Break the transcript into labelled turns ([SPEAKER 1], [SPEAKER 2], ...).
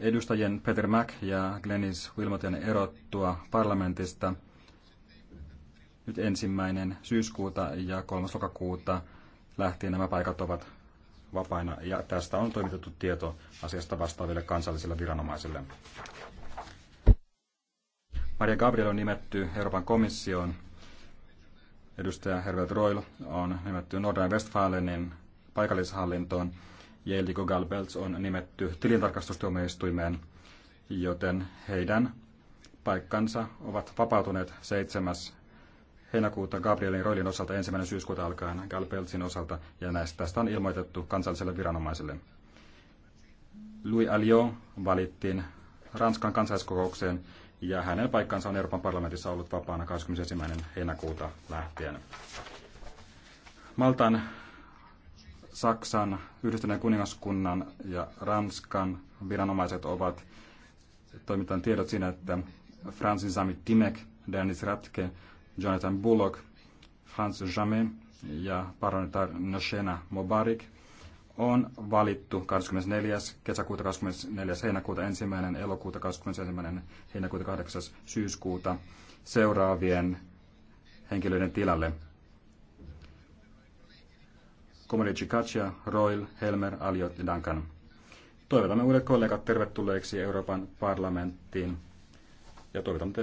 [SPEAKER 1] edustajien Peter Mack ja Glenis Wilmotin erottua parlamentista nyt ensimmäinen syyskuuta ja 3. lokakuuta lähtien nämä paikat ovat vapaina ja tästä on toimitettu tieto asiasta vastaaville kansallisille viranomaisille. Maria Gabriel on nimetty Euroopan komissioon. Edustaja Herbert Royl on nimetty Nordrhein-Westfalenin paikallishallintoon. Jeliko Galbelts on nimetty tilintarkastustuomioistuimeen, joten heidän paikkansa ovat vapautuneet 7. heinäkuuta Gabrielin Roilin osalta ensimmäinen syyskuuta alkaen Galbeltsin osalta, ja näistä tästä on ilmoitettu kansalliselle viranomaiselle. Louis Alliot valittiin Ranskan kansalliskokoukseen ja hänen paikkansa on Euroopan parlamentissa ollut vapaana 21. heinäkuuta lähtien. Maltan Saksan, Yhdistyneen kuningaskunnan ja Ranskan viranomaiset ovat toimittaneet tiedot siinä, että Francis Sami Timek, Dennis Ratke, Jonathan Bullock, Franz Jamet ja paronitar Noshena Mobarik on valittu 24. kesäkuuta, 24. heinäkuuta, 1. elokuuta, 21. heinäkuuta, 8. syyskuuta seuraavien henkilöiden tilalle. Komodici Katja, Royal, Helmer, Aliot ja Duncan. Toivotamme uudet kollegat tervetulleeksi Euroopan parlamenttiin ja toivotamme